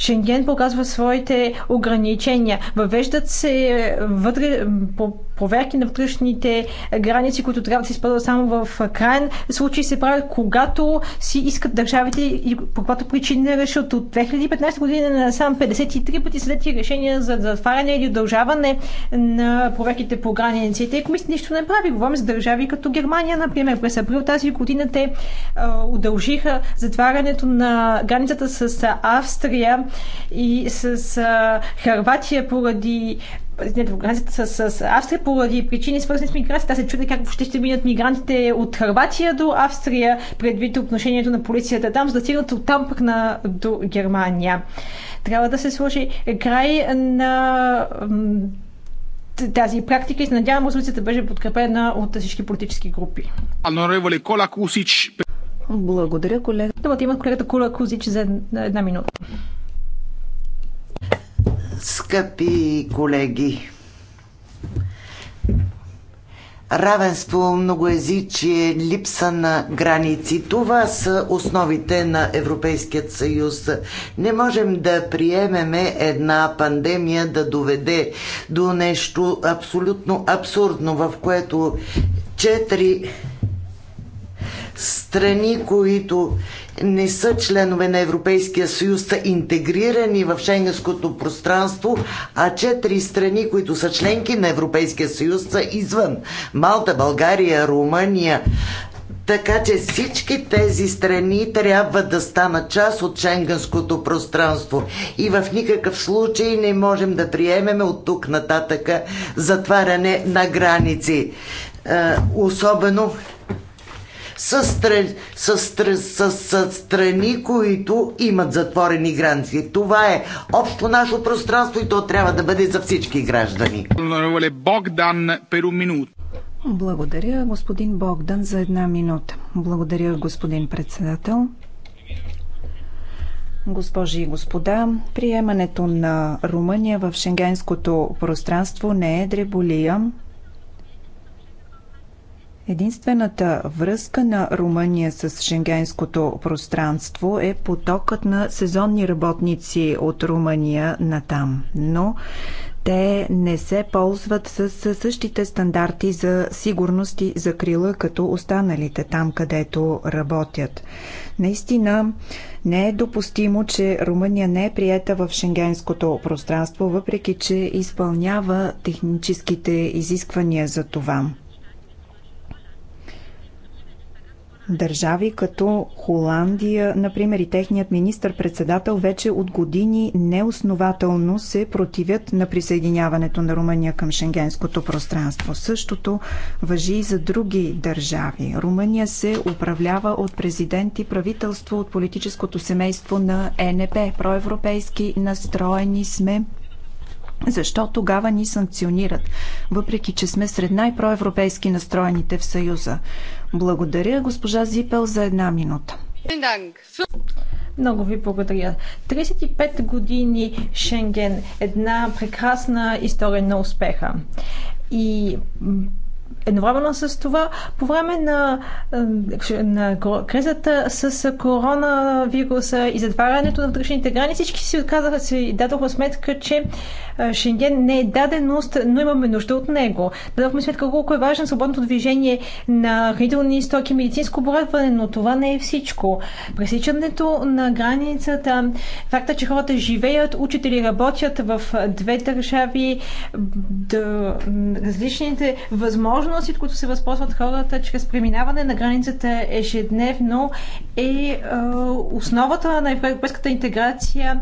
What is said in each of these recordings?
Шенген показва своите ограничения. Въвеждат се е, вътре по проверки на вътрешните граници, които трябва да се изпълнят само в крайен случай, се правят когато си искат държавите и по каквато причина решат. От 2015 година на сам 53 пъти следи решения за затваряне или удължаване на проверките по границите. И комисията нищо не прави. Говорим за държави като Германия, например. През април тази година те удължиха затварянето на границата с Австрия и с Харватия поради в границата с, с Австрия поради причини свързани с миграцията. Аз се чудя как въобще ще минат мигрантите от Харватия до Австрия, предвид отношението на полицията там, за да стигнат от там пък на, до Германия. Трябва да се сложи край на тази практика и се надявам да беше подкрепена от всички политически групи. Благодаря, колега. Думата има колегата Кола Кузич за една минута. Скъпи колеги, равенство, многоязичие, липса на граници. Това са основите на Европейският съюз. Не можем да приемеме една пандемия да доведе до нещо абсолютно абсурдно, в което четири страни, които не са членове на Европейския съюз, са интегрирани в шенгенското пространство, а четири страни, които са членки на Европейския съюз, са извън Малта, България, Румъния. Така че всички тези страни трябва да станат част от шенгенското пространство. И в никакъв случай не можем да приемеме от тук нататъка затваряне на граници. Е, особено с, с, с, с страни, които имат затворени граници. Това е общо наше пространство и то трябва да бъде за всички граждани. Богдан, перу минут. Благодаря, господин Богдан, за една минута. Благодаря, господин председател. Госпожи и господа, приемането на Румъния в шенгенското пространство не е дреболия. Единствената връзка на Румъния с шенгенското пространство е потокът на сезонни работници от Румъния натам. Но те не се ползват с същите стандарти за сигурност и закрила като останалите там, където работят. Наистина не е допустимо, че Румъния не е приета в шенгенското пространство, въпреки че изпълнява техническите изисквания за това. Държави като Холандия, например, и техният министр-председател вече от години неоснователно се противят на присъединяването на Румъния към шенгенското пространство. Същото въжи и за други държави. Румъния се управлява от президент и правителство от политическото семейство на ЕНП. Проевропейски настроени сме защо тогава ни санкционират, въпреки че сме сред най-проевропейски настроените в Съюза? Благодаря, госпожа Зипел, за една минута. Много ви благодаря. 35 години Шенген. Една прекрасна история на успеха. И едновременно с това, по време на, на кризата с коронавируса и затварянето на вътрешните граници, всички си отказаха, си дадоха сметка, че е, Шенген не е даденост, но имаме нужда от него. Дадохме сметка колко е важно свободното движение на хранителни стоки, медицинско оборудване, но това не е всичко. Пресичането на границата, факта, че хората живеят, учат или работят в две държави, различните възможности възможности, от които се възползват хората чрез преминаване на границата ежедневно, е основата на европейската интеграция,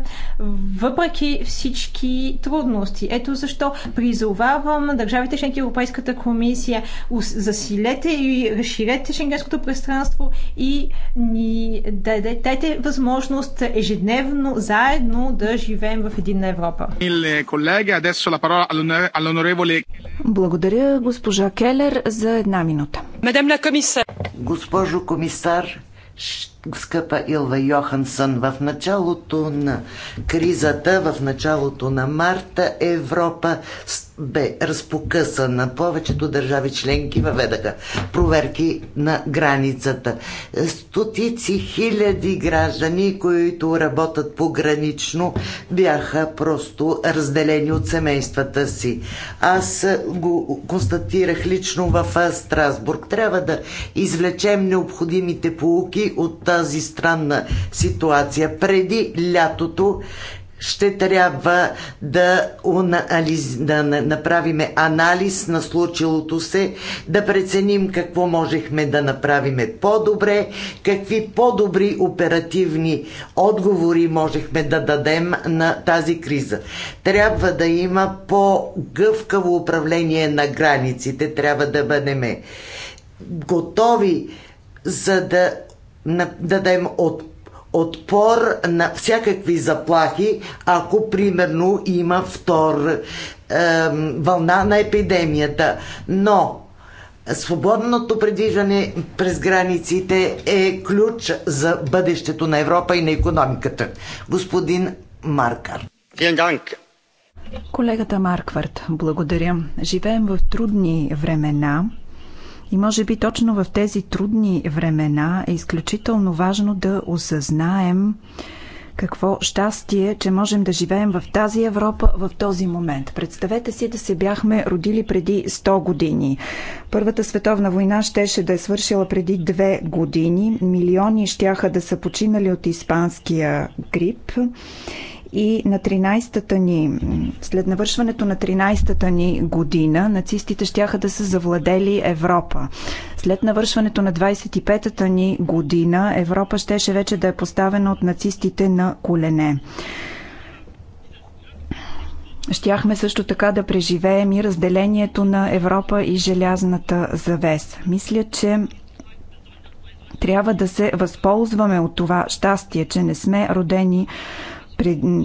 въпреки всички трудности. Ето защо призовавам държавите членки Европейската комисия, засилете и разширете шенгенското пространство и ни дадете възможност ежедневно, заедно да живеем в единна Европа. Благодаря, госпожа Келер. Келер за една минута. Госпожо комисар, ще скъпа Илва Йохансън. В началото на кризата, в началото на марта, Европа бе разпокъсана. Повечето държави членки въведаха проверки на границата. Стотици хиляди граждани, които работят погранично, бяха просто разделени от семействата си. Аз го констатирах лично в Страсбург. Трябва да извлечем необходимите полуки от тази странна ситуация. Преди лятото ще трябва да, анализ, да направиме анализ на случилото се, да преценим какво можехме да направиме по-добре, какви по-добри оперативни отговори можехме да дадем на тази криза. Трябва да има по-гъвкаво управление на границите, трябва да бъдем готови за да да дадем от, отпор на всякакви заплахи, ако примерно има втор е, вълна на епидемията. Но свободното предвижване през границите е ключ за бъдещето на Европа и на економиката. Господин Маркар. Колегата Марквард, благодаря. Живеем в трудни времена. И може би точно в тези трудни времена е изключително важно да осъзнаем какво щастие, че можем да живеем в тази Европа в този момент. Представете си да се бяхме родили преди 100 години. Първата световна война щеше да е свършила преди две години. Милиони щяха да са починали от испанския грип и на 13-та ни, след навършването на 13-та ни година, нацистите щяха да са завладели Европа. След навършването на 25-та ни година, Европа щеше вече да е поставена от нацистите на колене. Щяхме също така да преживеем и разделението на Европа и желязната завеса. Мисля, че трябва да се възползваме от това щастие, че не сме родени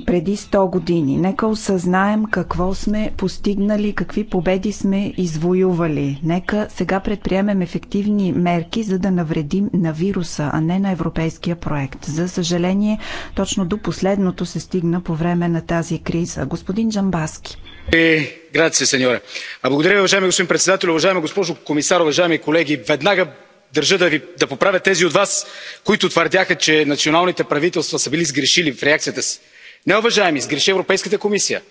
преди 100 години. Нека осъзнаем какво сме постигнали, какви победи сме извоювали. Нека сега предприемем ефективни мерки, за да навредим на вируса, а не на европейския проект. За съжаление, точно до последното се стигна по време на тази криза. Господин Джамбаски. Е, грация, сеньоре. А благодаря уважаеми господин председател, уважаема госпожо комисар, уважаеми колеги. Веднага държа да поправя тези от вас които твърдяха че националните правителства са били сгрешили в реакцията си. не уважаеми сгреши европейската комисия.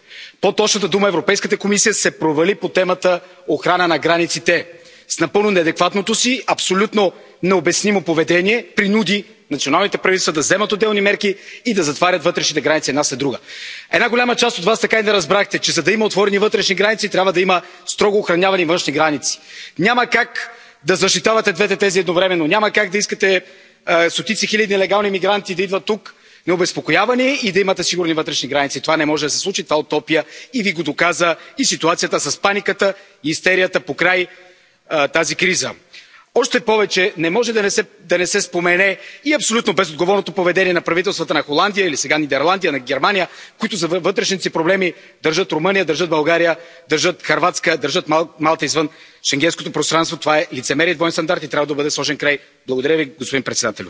по точната дума европейската комисия се провали по темата охрана на границите. с напълно неадекватното си абсолютно необяснимо поведение принуди националните правителства да вземат отделни мерки и да затварят вътрешните граници една след друга. една голяма част от вас така и не разбрахте че за да има отворени вътрешни граници трябва да има строго охранявани външни граници. няма как да защитавате двете тези едновременно. няма как да искате стотици хиляди нелегални мигранти да идват тук необезпокоявани и да имате сигурни вътрешни граници. това не може да се случи това е утопия и ви го доказа и ситуацията с паниката и истерията покрай тази криза. още повече не може да не се спомене и абсолютно безотговорното поведение на правителствата на холандия или сега нидерландия на германия които за вътрешните си проблеми държат румъния държат българия държат хърватска държат малта извън шенгенското пространство това е лицемерие и двоен стандарт и трябва да бъде сложен край. благодаря ви господин председател.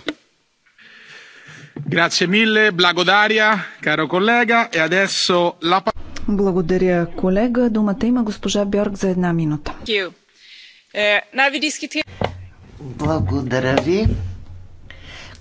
Благодаря, колега. Думата има госпожа Бьорг за една минута. Е, благодаря ви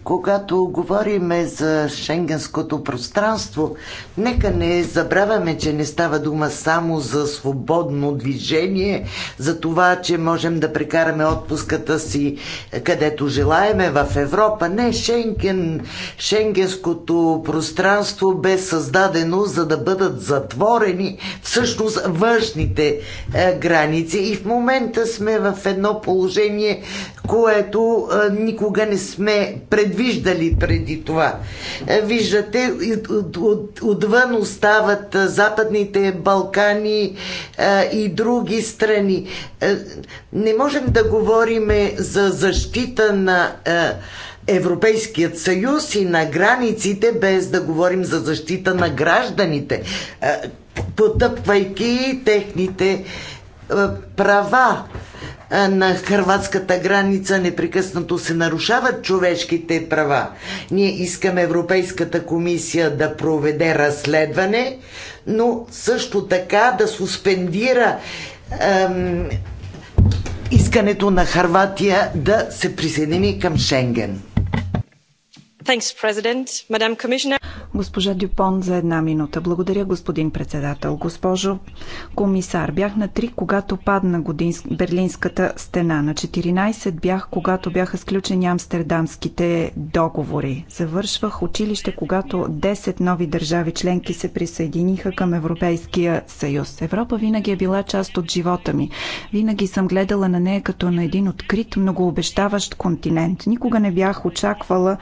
когато говорим за шенгенското пространство, нека не забравяме, че не става дума само за свободно движение, за това, че можем да прекараме отпуската си е, където желаеме в Европа. Не, Шенген, шенгенското пространство бе създадено за да бъдат затворени всъщност външните е, граници. И в момента сме в едно положение, което е, никога не сме пред виждали преди това. Е, виждате, отвън остават е, Западните Балкани е, и други страни. Не можем да говорим за защита на Европейският съюз и на границите, без да говорим за защита на гражданите, потъпвайки техните е, права е, на хрватската граница непрекъснато се нарушават човешките права. Ние искаме Европейската комисия да проведе разследване, но също така да суспендира ем, искането на Харватия да се присъедини към Шенген. Госпожа Дюпон за една минута. Благодаря, господин председател. Госпожо комисар, бях на 3, когато падна Берлинската стена. На 14 бях, когато бяха сключени амстердамските договори. Завършвах училище, когато 10 нови държави членки се присъединиха към Европейския съюз. Европа винаги е била част от живота ми. Винаги съм гледала на нея като на един открит, многообещаващ континент. Никога не бях очаквала,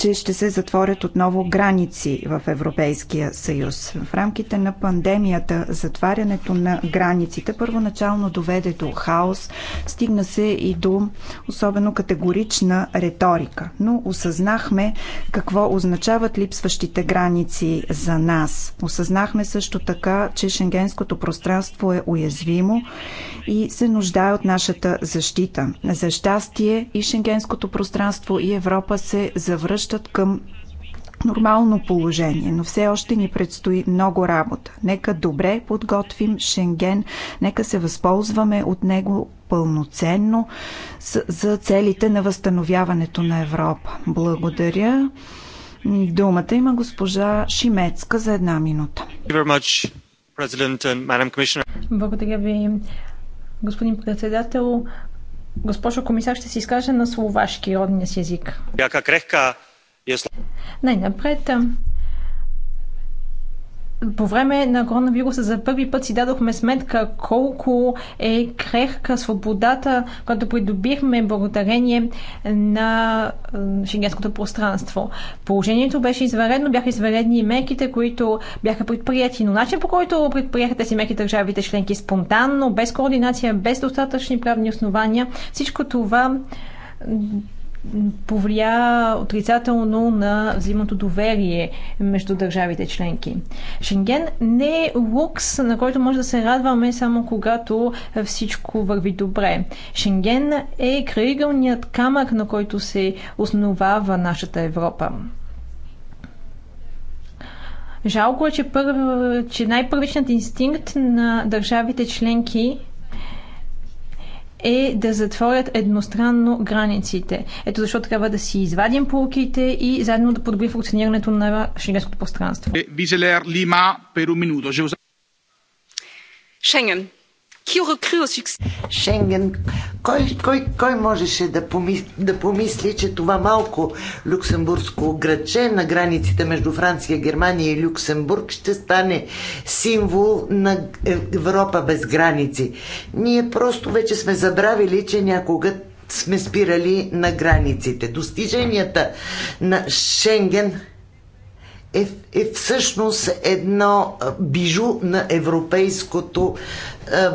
че ще се затворят отново граници в Европейския съюз. В рамките на пандемията затварянето на границите първоначално доведе до хаос, стигна се и до особено категорична риторика. Но осъзнахме какво означават липсващите граници за нас. Осъзнахме също така, че шенгенското пространство е уязвимо и се нуждае от нашата защита. За щастие и шенгенското пространство и Европа се завръщат връщат към нормално положение, но все още ни предстои много работа. Нека добре подготвим Шенген, нека се възползваме от него пълноценно за целите на възстановяването на Европа. Благодаря. Думата има госпожа Шимецка за една минута. Благодаря ви, господин председател. Госпожо комисар, ще се изкажа на словашки родния си език. Яка крехка най-напред, по време на коронавируса за първи път си дадохме сметка колко е крехка свободата, която придобихме благодарение на шенгенското пространство. Положението беше изваредно, бяха изваредни мерките, които бяха предприяти, но начин по който предприеха тези мерки държавите членки спонтанно, без координация, без достатъчни правни основания, всичко това повлия отрицателно на взаимното доверие между държавите членки. Шенген не е лукс, на който може да се радваме само когато всичко върви добре. Шенген е крайъгълният камък, на който се основава нашата Европа. Жалко е, че, че най-първичният инстинкт на държавите членки е да затворят едностранно границите. Ето защо трябва да си извадим полуките и заедно да подобри функционирането на шенгенското пространство. Шенген Шенген. Кой, кой, кой можеше да помисли, да помисли, че това малко люксембургско градче на границите между Франция, Германия и Люксембург ще стане символ на Европа без граници? Ние просто вече сме забравили, че някога сме спирали на границите. Достиженията на Шенген е, е всъщност едно бижу на европейското е,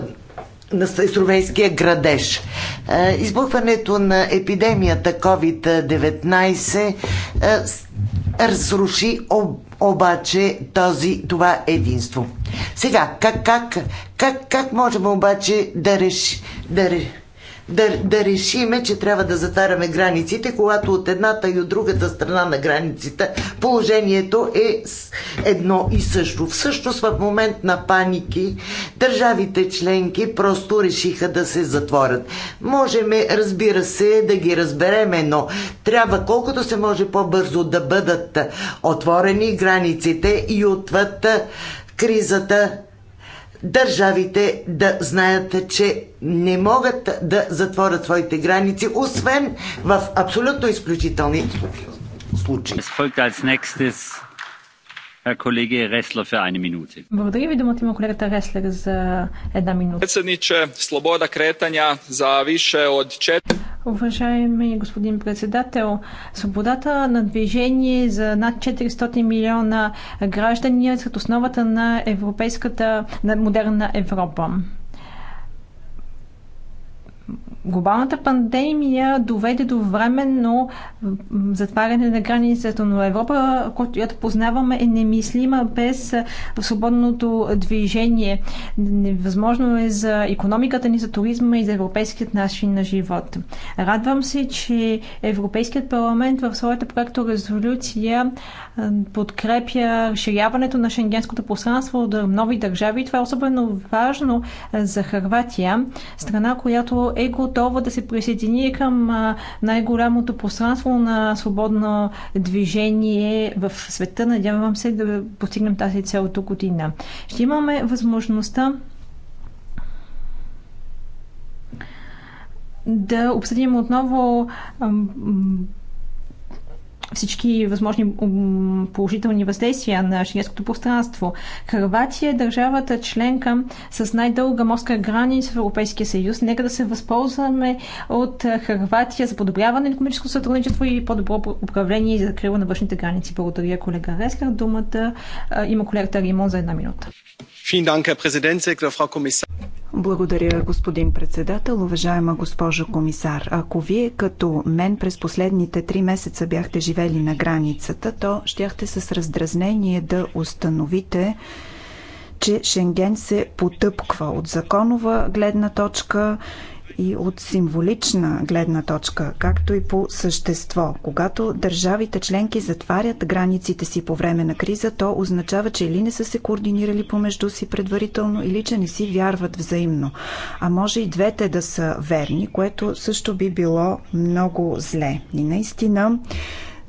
на Сровейския градеж. Е, избухването на епидемията COVID-19 е, разруши об, обаче този, това единство. Сега, как, как, как, как можем обаче да, решим да, да, да решиме, че трябва да затараме границите, когато от едната и от другата страна на границата положението е едно и също. Всъщност в момент на паники държавите членки просто решиха да се затворят. Можеме, разбира се, да ги разбереме, но трябва колкото се може по-бързо да бъдат отворени границите и отвъд кризата държавите да знаят, че не могат да затворят своите граници, освен в абсолютно изключителни случаи. Благодаря ви, думата има колегата Реслер за една минута. Председниче, слобода кретanja за више от 4... Уважаеми господин председател, свободата на движение за над 400 милиона граждани е сред основата на европейската на модерна Европа. Глобалната пандемия доведе до временно затваряне на границата, но Европа, която познаваме, е немислима без свободното движение. Невъзможно е за економиката ни, за туризма и за европейският начин на живот. Радвам се, че Европейският парламент в своята проекторезолюция резолюция подкрепя разширяването на шенгенското пространство до нови държави. Това е особено важно за Харватия, страна, която е готова да се присъедини към най-голямото пространство на свободно движение в света. Надявам се да постигнем тази цел година. Ще имаме възможността да обсъдим отново всички възможни положителни въздействия на шенгенското пространство. Харватия е държавата членка с най-дълга морска граница в Европейския съюз. Нека да се възползваме от е, Харватия за подобряване на економическо сътрудничество и по-добро управление и закрила на външните граници. Благодаря, колега Рескар. Думата е, има колегата Римон за една минута. Благодаря, господин председател. Уважаема госпожо комисар, ако вие като мен през последните три месеца бяхте живели на границата, то щяхте с раздразнение да установите, че Шенген се потъпква от законова гледна точка и от символична гледна точка, както и по същество. Когато държавите членки затварят границите си по време на криза, то означава, че или не са се координирали помежду си предварително, или че не си вярват взаимно. А може и двете да са верни, което също би било много зле. И наистина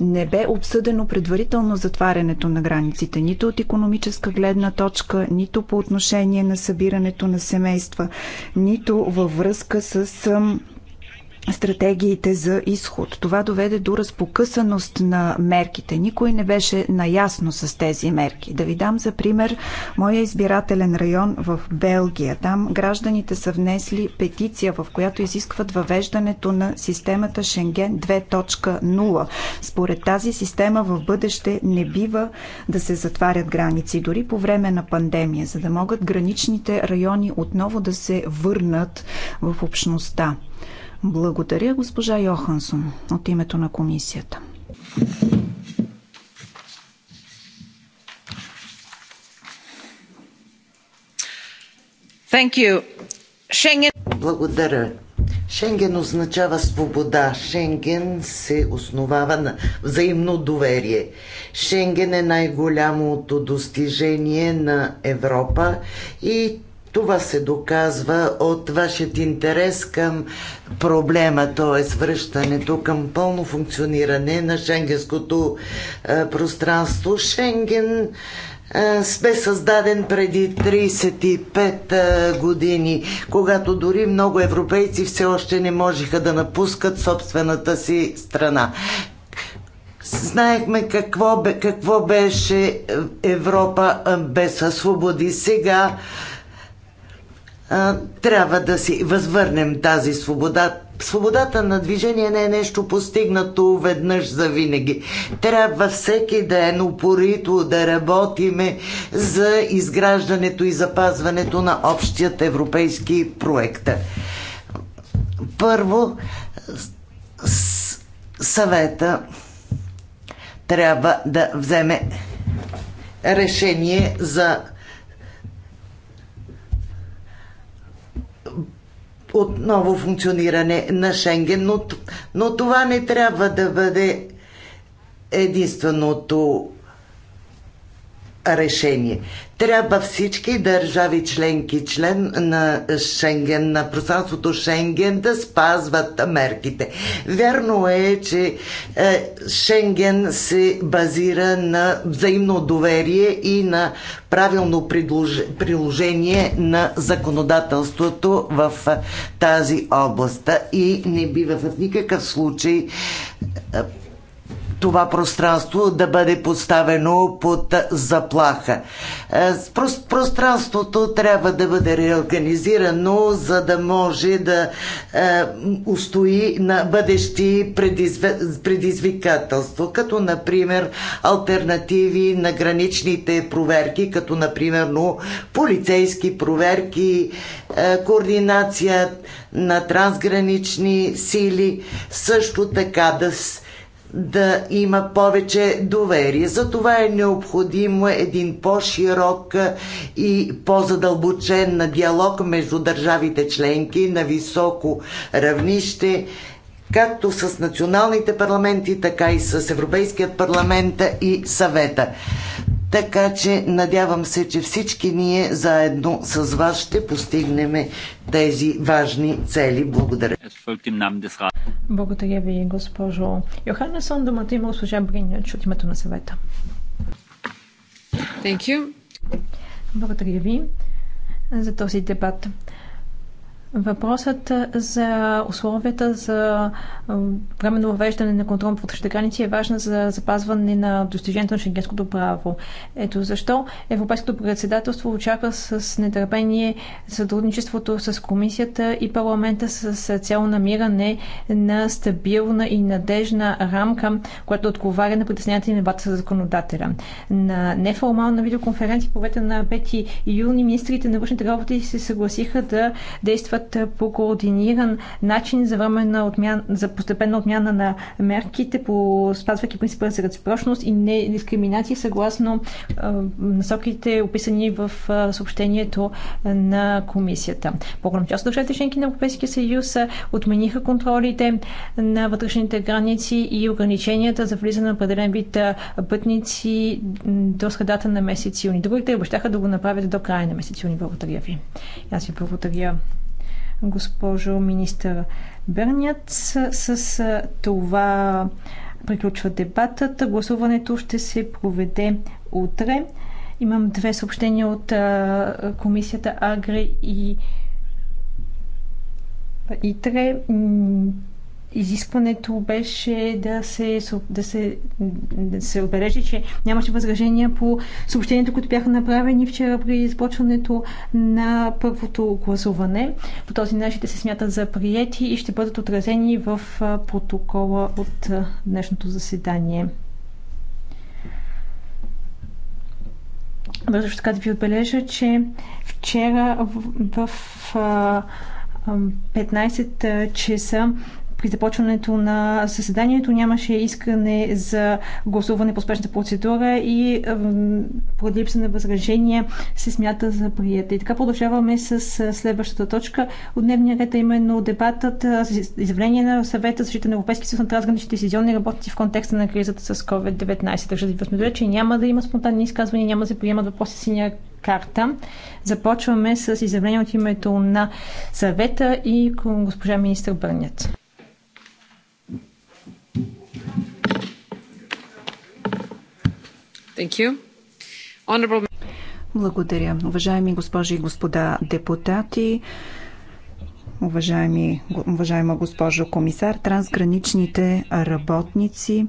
не бе обсъдено предварително затварянето на границите, нито от економическа гледна точка, нито по отношение на събирането на семейства, нито във връзка с стратегиите за изход. Това доведе до разпокъсаност на мерките. Никой не беше наясно с тези мерки. Да ви дам за пример моя избирателен район в Белгия. Там гражданите са внесли петиция, в която изискват въвеждането на системата Шенген 2.0. Според тази система в бъдеще не бива да се затварят граници, дори по време на пандемия, за да могат граничните райони отново да се върнат в общността. Благодаря, госпожа Йохансон, от името на комисията. Шенген... Благодаря. Шенген означава свобода. Шенген се основава на взаимно доверие. Шенген е най-голямото достижение на Европа и това се доказва от вашият интерес към проблема, т.е. връщането към пълно функциониране на шенгенското е, пространство. Шенген бе създаден преди 35 години, когато дори много европейци все още не можеха да напускат собствената си страна. Знаехме какво, какво беше Европа без свободи. Сега трябва да си възвърнем тази свобода. Свободата на движение не е нещо постигнато веднъж за винаги. Трябва всеки ден упорито да работиме за изграждането и запазването на общият европейски проект. Първо, съвета трябва да вземе решение за отново функциониране на Шенген, но, но това не трябва да бъде единственото решение. Трябва всички държави членки, член на Шенген, на пространството Шенген да спазват мерките. Вярно е, че е, Шенген се базира на взаимно доверие и на правилно приложение на законодателството в е, тази област. И не бива в никакъв случай е, това пространство да бъде поставено под заплаха. Е, пространството трябва да бъде реорганизирано, за да може да е, устои на бъдещи предизвикателства, като например альтернативи на граничните проверки, като например полицейски проверки, е, координация на трансгранични сили, също така да се да има повече доверие. За това е необходимо един по-широк и по-задълбочен диалог между държавите членки на високо равнище, както с националните парламенти, така и с Европейският парламент и съвета. Така че надявам се, че всички ние заедно с вас ще постигнем тези важни цели. Благодаря. Благодаря ви, госпожо Йохана Думата има госпожа Бринич от името на съвета. Thank you. Благодаря ви за този дебат. Въпросът за условията за временно въвеждане на контрол по вътрешните граници е важен за запазване на достижението на шенгенското право. Ето защо Европейското председателство очаква с нетърпение сътрудничеството с комисията и парламента с цяло намиране на стабилна и надежна рамка, която отговаря на притесненията на бата за законодателя. На неформална видеоконференция по на 5 юни министрите на външните работи се съгласиха да действат работят по координиран начин за, временна отмяна, за постепенна отмяна на мерките, по, спазвайки принципа за реципрочност и не дискриминация, съгласно насоките, описани в съобщението на комисията. По-голям част от държавите членки на Европейския съюз отмениха контролите на вътрешните граници и ограниченията за влизане на определен вид пътници до средата на месец юни. Другите обещаха да го направят до края на месец юни. Благодаря ви. Аз ви благодаря госпожо министър Бърняц, С, с това приключва дебатът. Гласуването ще се проведе утре. Имам две съобщения от а, комисията Агри и ИТРЕ изискването беше да се, да се, да се отбележи, че нямаше възражения по съобщението, които бяха направени вчера при изпочването на първото гласуване. По този начин те се смятат за приети и ще бъдат отразени в протокола от днешното заседание. Също така да ви отбележа, че вчера в, в 15 часа при започването на съседанието нямаше искане за гласуване по спешната процедура и поради липса на възражения се смята за прията. И така продължаваме с следващата точка от дневния ред, а е именно дебатът изявление на съвета за защита на Европейски съюз на трансграничните сезионни работници в контекста на кризата с COVID-19. Държа да ви възмедуя, че няма да има спонтанни изказвания, няма да се приемат въпроси синя карта. Започваме с изявление от името на съвета и госпожа министър Бърнят. Honorable... Благодаря. Уважаеми госпожи и господа депутати, уважаеми, уважаема госпожо комисар, трансграничните работници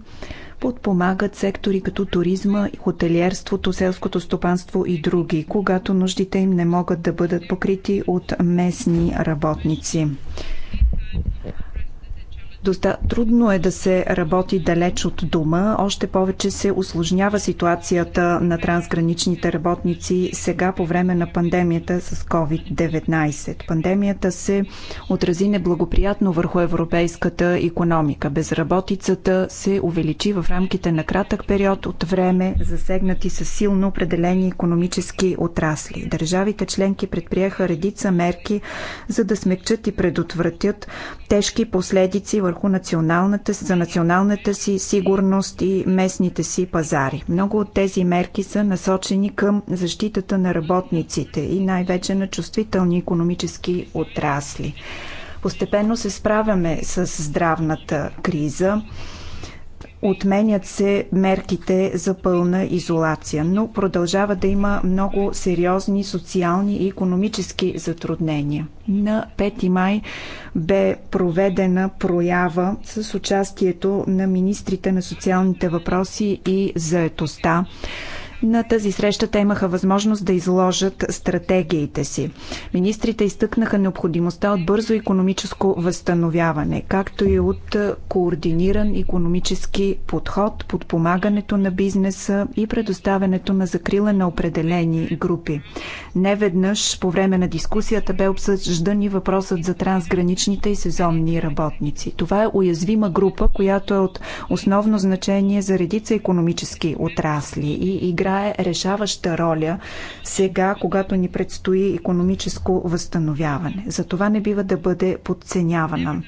подпомагат сектори като туризма, хотелиерството, селското стопанство и други, когато нуждите им не могат да бъдат покрити от местни работници. Доста трудно е да се работи далеч от дома, още повече се осложнява ситуацията на трансграничните работници сега по време на пандемията с COVID-19. Пандемията се отрази неблагоприятно върху европейската економика. Безработицата се увеличи в рамките на кратък период от време, засегнати са силно определени економически отрасли. Държавите членки предприеха редица мерки, за да смекчат и предотвратят тежки последици върху върху националната, за националната си сигурност и местните си пазари. Много от тези мерки са насочени към защитата на работниците и най-вече на чувствителни економически отрасли. Постепенно се справяме с здравната криза. Отменят се мерките за пълна изолация, но продължава да има много сериозни социални и економически затруднения. На 5 май бе проведена проява с участието на министрите на социалните въпроси и заетостта на тази среща те имаха възможност да изложат стратегиите си. Министрите изтъкнаха необходимостта от бързо економическо възстановяване, както и от е, координиран економически подход, подпомагането на бизнеса и предоставянето на закрила на определени групи. Неведнъж по време на дискусията бе обсъждан и въпросът за трансграничните и сезонни работници. Това е уязвима група, която е от основно значение за редица економически отрасли и игра играе решаваща роля сега, когато ни предстои економическо възстановяване. За това не бива да бъде подценявана.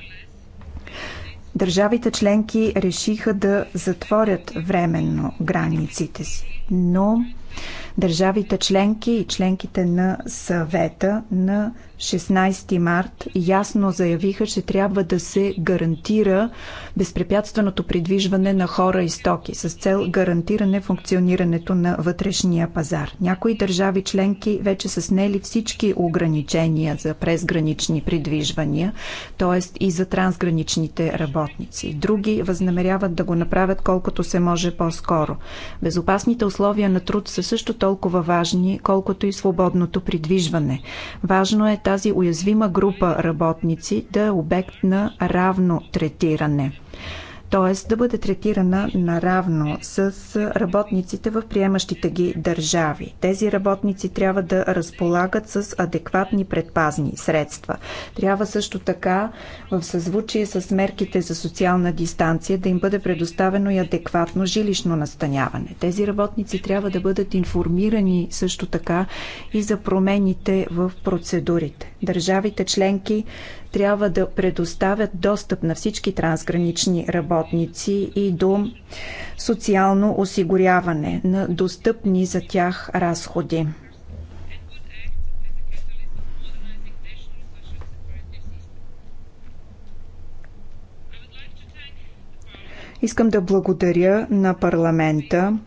Държавите членки решиха да затворят временно границите си, но държавите членки и членките на съвета на 16 март ясно заявиха, че трябва да се гарантира безпрепятственото придвижване на хора и стоки с цел гарантиране функционирането на вътрешния пазар. Някои държави членки вече са снели всички ограничения за презгранични придвижвания, т.е. и за трансграничните работници. Други възнамеряват да го направят колкото се може по-скоро. Безопасните условия на труд са също толкова важни, колкото и свободното придвижване. Важно е тази уязвима група работници да е обект на равно третиране т.е. да бъде третирана наравно с работниците в приемащите ги държави. Тези работници трябва да разполагат с адекватни предпазни средства. Трябва също така в съзвучие с мерките за социална дистанция да им бъде предоставено и адекватно жилищно настаняване. Тези работници трябва да бъдат информирани също така и за промените в процедурите. Държавите членки трябва да предоставят достъп на всички трансгранични работници и до социално осигуряване на достъпни за тях разходи. Искам да благодаря на парламента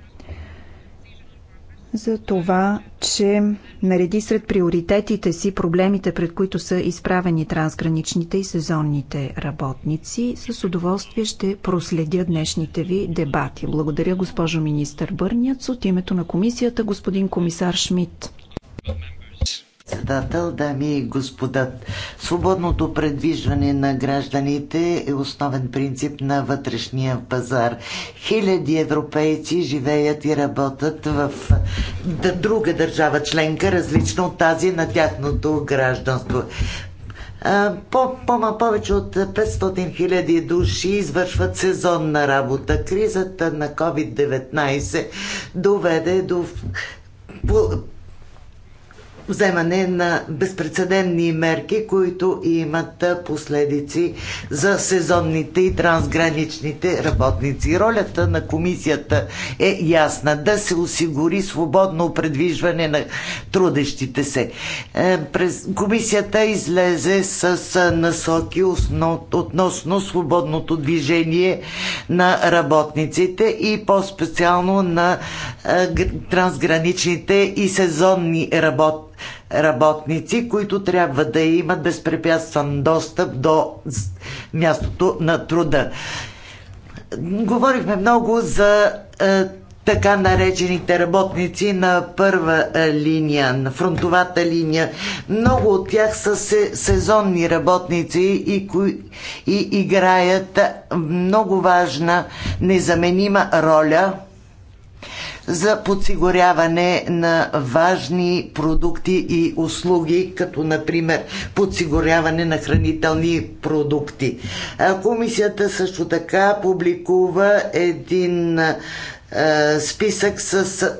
за това, че нареди сред приоритетите си проблемите, пред които са изправени трансграничните и сезонните работници. С удоволствие ще проследя днешните ви дебати. Благодаря, госпожо министър Бърняц От името на комисията, господин комисар Шмидт председател, дами и господа. Свободното предвижване на гражданите е основен принцип на вътрешния пазар. Хиляди европейци живеят и работят в друга държава членка, различна от тази на тяхното гражданство. По, по, повече от 500 хиляди души извършват сезонна работа. Кризата на COVID-19 доведе до вземане на безпредседентни мерки, които имат последици за сезонните и трансграничните работници. Ролята на комисията е ясна да се осигури свободно предвижване на трудещите се. Е, комисията излезе с насоки относно свободното движение на работниците и по-специално на трансграничните и сезонни работници работници, които трябва да имат безпрепятстван достъп до мястото на труда. Говорихме много за е, така наречените работници на първа е, линия, на фронтовата линия. Много от тях са сезонни работници и, кои, и играят много важна, незаменима роля за подсигуряване на важни продукти и услуги, като например подсигуряване на хранителни продукти. Комисията също така публикува един списък с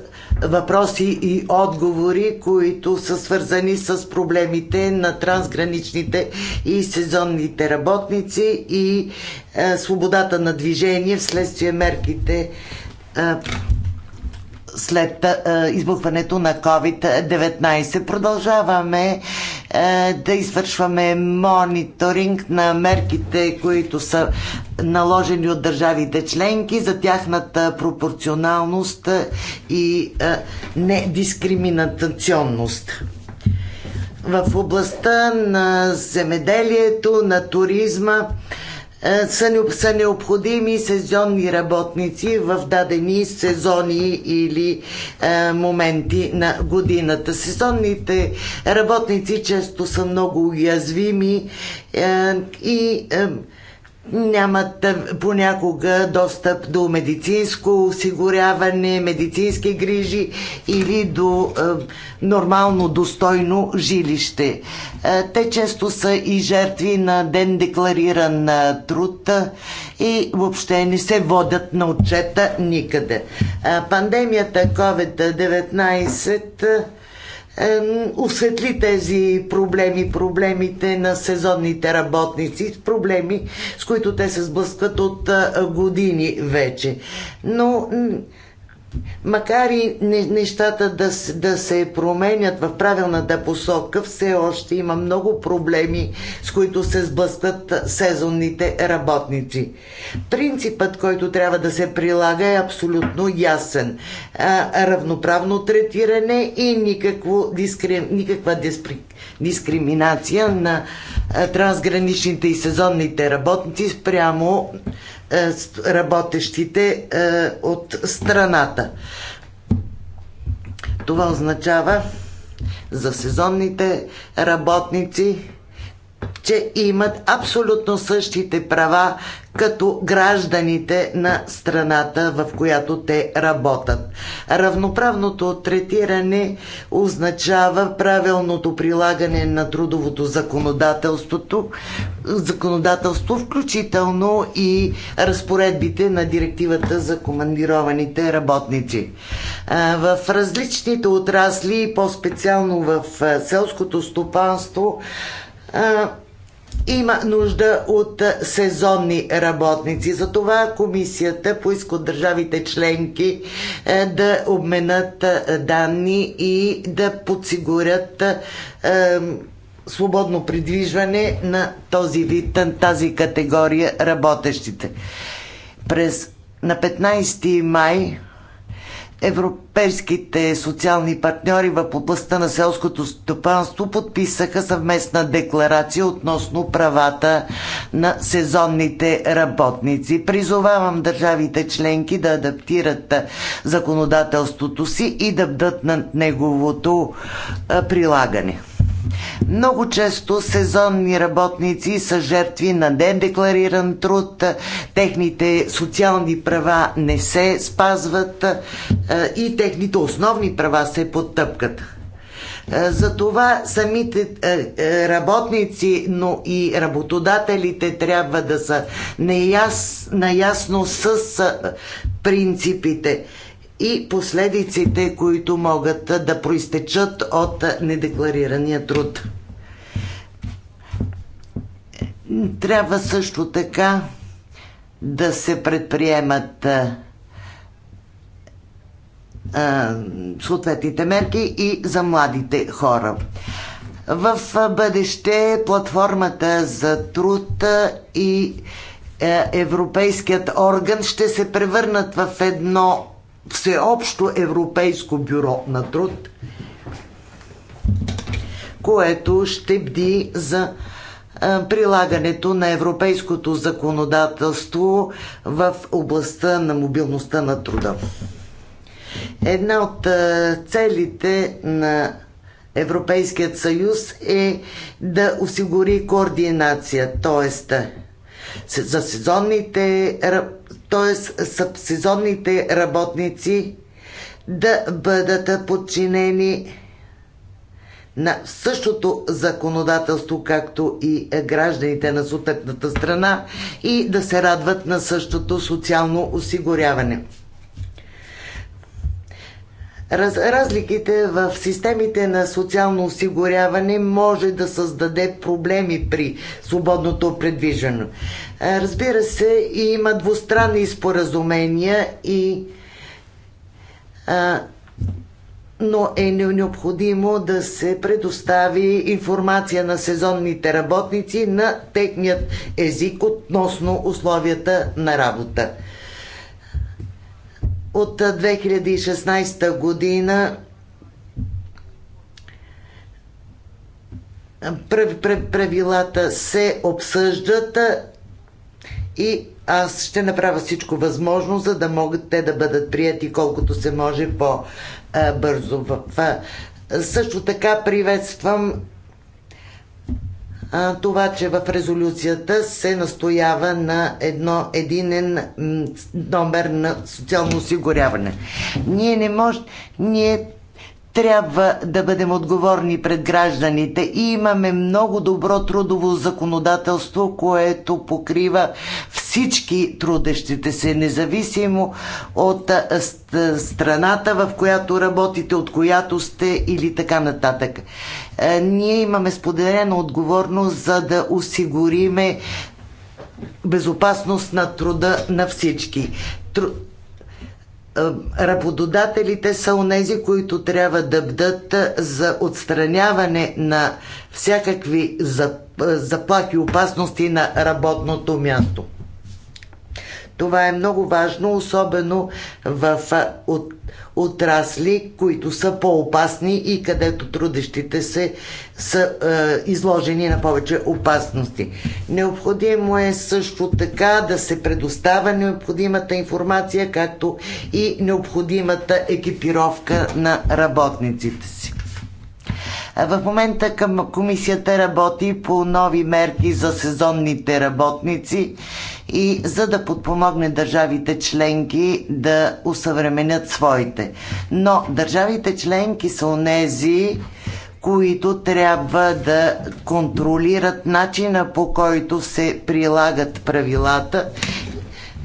въпроси и отговори, които са свързани с проблемите на трансграничните и сезонните работници и е, свободата на движение вследствие мерките е, след избухването на COVID-19. Продължаваме да извършваме мониторинг на мерките, които са наложени от държавите членки за тяхната пропорционалност и недискриминационност в областта на земеделието, на туризма е, са, необходими сезонни работници в дадени сезони или е, моменти на годината. Сезонните работници често са много уязвими е, и нямат е, понякога достъп до медицинско осигуряване, медицински грижи или до е, нормално достойно жилище. Е, те често са и жертви на ден деклариран е, труд е, и въобще не се водят на отчета никъде. Е, пандемията COVID-19 осветли тези проблеми, проблемите на сезонните работници, проблеми, с които те се сблъскват от е, години вече. Но макар и нещата да, да се променят в правилната посока, все още има много проблеми, с които се сблъскват сезонните работници. Принципът, който трябва да се прилага е абсолютно ясен. А, равноправно третиране и никакво дискри... никаква диспри... дискриминация на трансграничните и сезонните работници спрямо е, работещите е, от страната. Това означава за сезонните работници че имат абсолютно същите права като гражданите на страната, в която те работят. Равноправното третиране означава правилното прилагане на трудовото законодателството, законодателство, включително и разпоредбите на директивата за командированите работници. В различните отрасли, по-специално в селското стопанство, има нужда от сезонни работници. Затова комисията поиска от държавите членки е, да обменят е, данни и да подсигурят е, свободно придвижване на този вид, на тази категория работещите. През на 15 май европейските социални партньори в областта на селското стопанство подписаха съвместна декларация относно правата на сезонните работници. Призовавам държавите членки да адаптират законодателството си и да бдат на неговото прилагане. Много често сезонни работници са жертви на недеклариран труд, техните социални права не се спазват е, и техните основни права се подтъпкат. Е, затова самите е, работници, но и работодателите трябва да са наясно с принципите и последиците, които могат да проистечат от недекларирания труд. Трябва също така да се предприемат съответните мерки и за младите хора. В бъдеще платформата за труд и е, Европейският орган ще се превърнат в едно всеобщо европейско бюро на труд, което ще бди за е, прилагането на европейското законодателство в областта на мобилността на труда. Една от е, целите на Европейският съюз е да осигури координация, т.е. за сезонните т.е. сезонните работници да бъдат подчинени на същото законодателство, както и гражданите на съответната страна и да се радват на същото социално осигуряване. Раз, разликите в системите на социално осигуряване може да създаде проблеми при свободното предвижено. Разбира се, има двустранни споразумения и а, но е необходимо да се предостави информация на сезонните работници на техният език относно условията на работа. От 2016 година правилата се обсъждат и аз ще направя всичко възможно, за да могат те да бъдат прияти колкото се може по-бързо. Също така приветствам това, че в резолюцията се настоява на едно единен номер на социално осигуряване. Ние не може, ние трябва да бъдем отговорни пред гражданите и имаме много добро трудово законодателство, което покрива всички трудещите се, независимо от страната, в която работите, от която сте или така нататък. Е, ние имаме споделена отговорност за да осигуриме безопасност на труда на всички е, работодателите са онези, които трябва да бдат е, за отстраняване на всякакви е, заплахи и опасности на работното място. Това е много важно, особено в от, отрасли, които са по-опасни и където трудещите се са е, изложени на повече опасности. Необходимо е също така да се предоставя необходимата информация, както и необходимата екипировка на работниците си. В момента към комисията работи по нови мерки за сезонните работници и за да подпомогне държавите членки да усъвременят своите. Но държавите членки са онези, които трябва да контролират начина по който се прилагат правилата,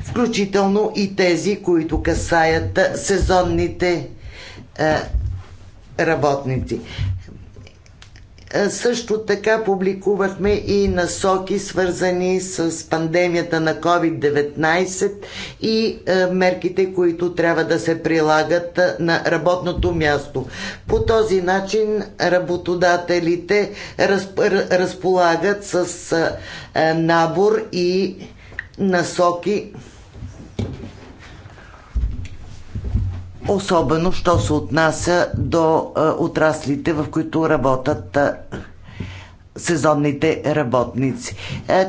включително и тези, които касаят сезонните е, работници. Е, също така публикувахме и насоки, свързани с пандемията на COVID-19 и е, мерките, които трябва да се прилагат е, на работното място. По този начин работодателите разполагат с набор и насоки особено що се отнася до отраслите, в които работят сезонните работници.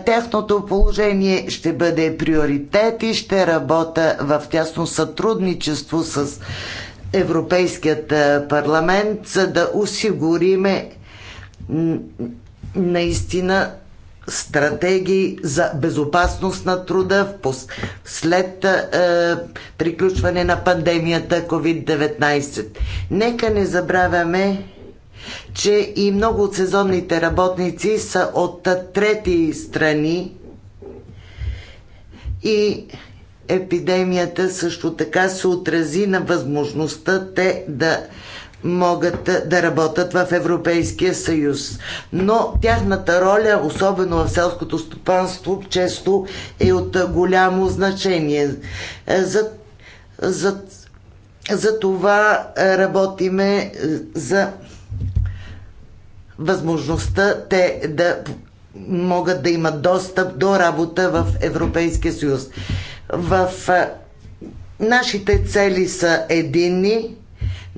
Техното положение ще бъде приоритет и ще работя в тясно сътрудничество с Европейският парламент, за да осигуриме наистина стратегии за безопасност на труда след е, приключване на пандемията COVID-19. Нека не забравяме, че и много от сезонните работници са от е, трети страни и епидемията също така се отрази на възможността те да могат да работят в Европейския съюз. Но тяхната роля, особено в селското стопанство, често е от голямо значение. За, за, за това работиме е, за възможността те да могат да имат достъп до работа в Европейския съюз. В е, нашите цели са единни,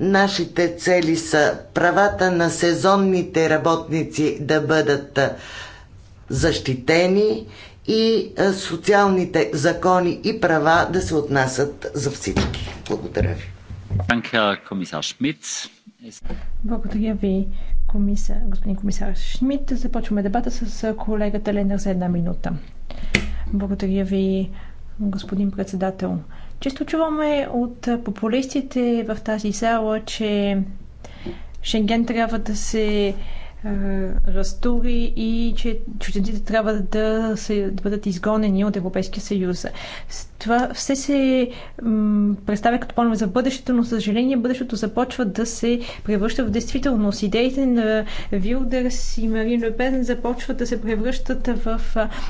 Нашите цели са правата на сезонните работници да бъдат защитени и социалните закони и права да се отнасят за всички. Благодаря ви. Благодаря ви, комисар, господин комисар Шмидт. Започваме дебата с колегата Ленер за една минута. Благодаря ви, господин председател. Често чуваме от популистите в тази зала, че Шенген трябва да се разтури и че чужденците трябва да, се, да бъдат изгонени от Европейския съюз. Това все се представя като планове за бъдещето, но съжаление бъдещето започва да се превръща в действителност. Идеите на Вилдърс и Марин Лепен започват да се превръщат в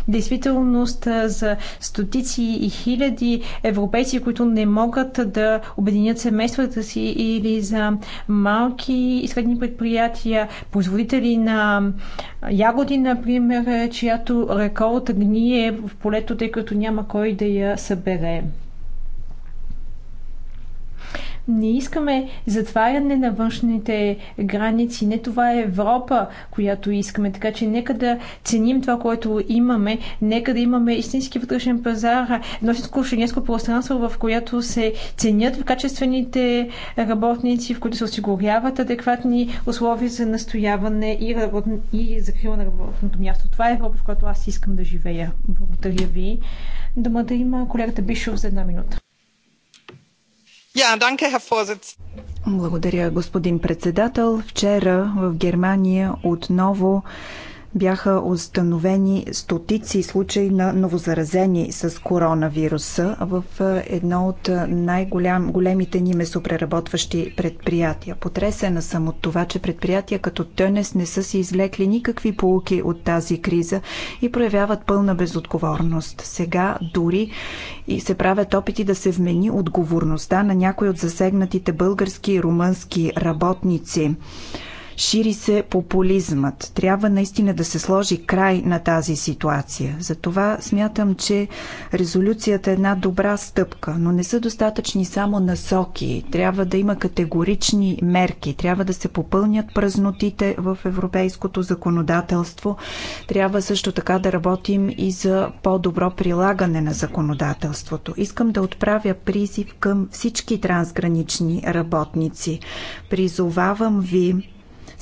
действителност за стотици и хиляди европейци, които не могат да обединят семействата си или за малки и средни предприятия, производители на ягоди, например, чиято реколта гние в полето, тъй като няма кой да я събере. Не искаме затваряне на външните граници. Не това е Европа, която искаме. Така че нека да ценим това, което имаме. Нека да имаме истински вътрешен пазар, едно истинско шенгенско пространство, в което се ценят качествените работници, в които се осигуряват адекватни условия за настояване и, работ... и закрива на работното място. Това е Европа, в която аз искам да живея. Благодаря ви. Думата има колегата Бишов за една минута. Herr Благодаря, господин председател. Вчера в Германия отново бяха установени стотици случаи на новозаразени с коронавируса в е, едно от е, най-големите ни месопреработващи предприятия. Потресена съм от това, че предприятия като Тънес не са си извлекли никакви полуки от тази криза и проявяват пълна безотговорност. Сега дори и се правят опити да се вмени отговорността на някои от засегнатите български и румънски работници. Шири се популизмът. Трябва наистина да се сложи край на тази ситуация. Затова смятам, че резолюцията е една добра стъпка, но не са достатъчни само насоки. Трябва да има категорични мерки. Трябва да се попълнят празнотите в европейското законодателство. Трябва също така да работим и за по-добро прилагане на законодателството. Искам да отправя призив към всички трансгранични работници. Призовавам ви